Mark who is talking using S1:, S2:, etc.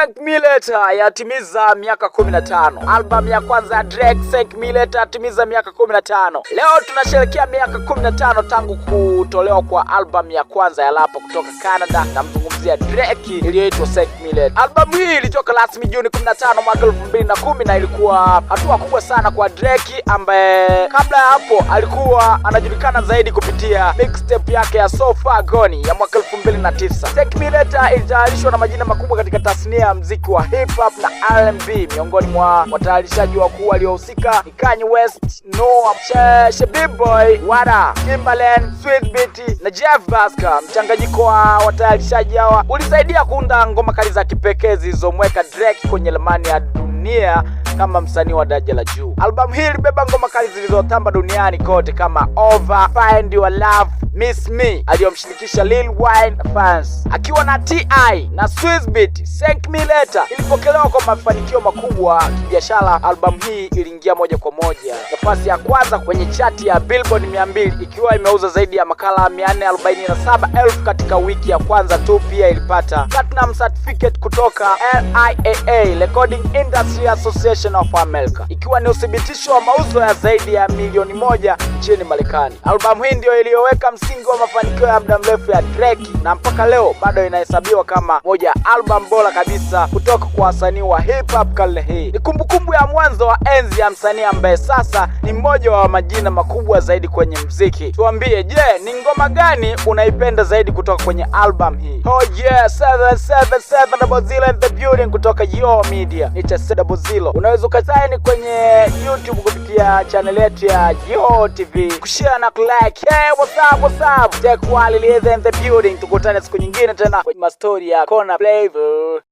S1: Sethi Milleta yatimiza miaka 15. Albamu ya kwanza ya Drake Sethi Milleta yatimiza miaka 15. Leo tunasherehekea miaka 15 tangu kutolewa kwa albamu ya kwanza ya rap kutoka Canada, namzungumzia Drake iliyoitwa Sethi Millet. Albamu hii ilitoka rasmi Juni 15 mwaka 2010 na ilikuwa hatua kubwa sana kwa Drake ambaye kabla ya hapo alikuwa anajulikana zaidi kupitia mixtape yake ya So Far Gone ya mwaka 2009. Sethi Millet ilitayarishwa na majina makubwa katika tasnia ya mziki wa hip hop na R&B. Miongoni mwa watayarishaji wakuu waliohusika ni Kanye West, Noah, She, B-Boy, Wada, Timbaland, Sweet Beatty na Jeff Baska. Mchanganyiko wa watayarishaji hawa ulisaidia kuunda ngoma kali za kipekee zilizomweka Drake kwenye ramani ya dunia kama msanii wa daraja la juu. Albamu hii ilibeba ngoma kali zilizotamba duniani kote kama Over, Find Your Love Miss Me aliyomshirikisha Lil Wayne fans akiwa na TI na Swizz Beatz Thank Me Later ilipokelewa kwa mafanikio makubwa kibiashara. Albamu hii iliingia moja kwa moja nafasi ya kwanza kwenye chati ya Billboard 200 ikiwa imeuza zaidi ya makala 447,000 katika wiki ya kwanza tu. Pia ilipata platinum certificate kutoka RIAA Recording Industry Association of America ikiwa ni uthibitisho wa mauzo ya zaidi ya milioni moja nchini Marekani. Albamu hii ndio iliyoweka msingi wa mafanikio ya muda mrefu ya Drake na mpaka leo bado inahesabiwa kama moja ya album bora kabisa kutoka kwa wasanii wa hip hop karne hii. Ni kumbukumbu ya mwanzo wa enzi ya msanii ambaye sasa ni mmoja wa majina makubwa zaidi kwenye mziki. Tuambie, je, ni ngoma gani unaipenda zaidi kutoka kwenye album hii? Oh yeah, 777 double zero in the building kutoka Yo Media. Ni cha double zero. Unaweza ukasaini kwenye YouTube kupitia channel yetu ya Geo TV, kushare na kulike. Hey, what's up, what's up? Jack Wali live in the building. Tukutane siku nyingine tena kwenye mastori ya Kona Flavor.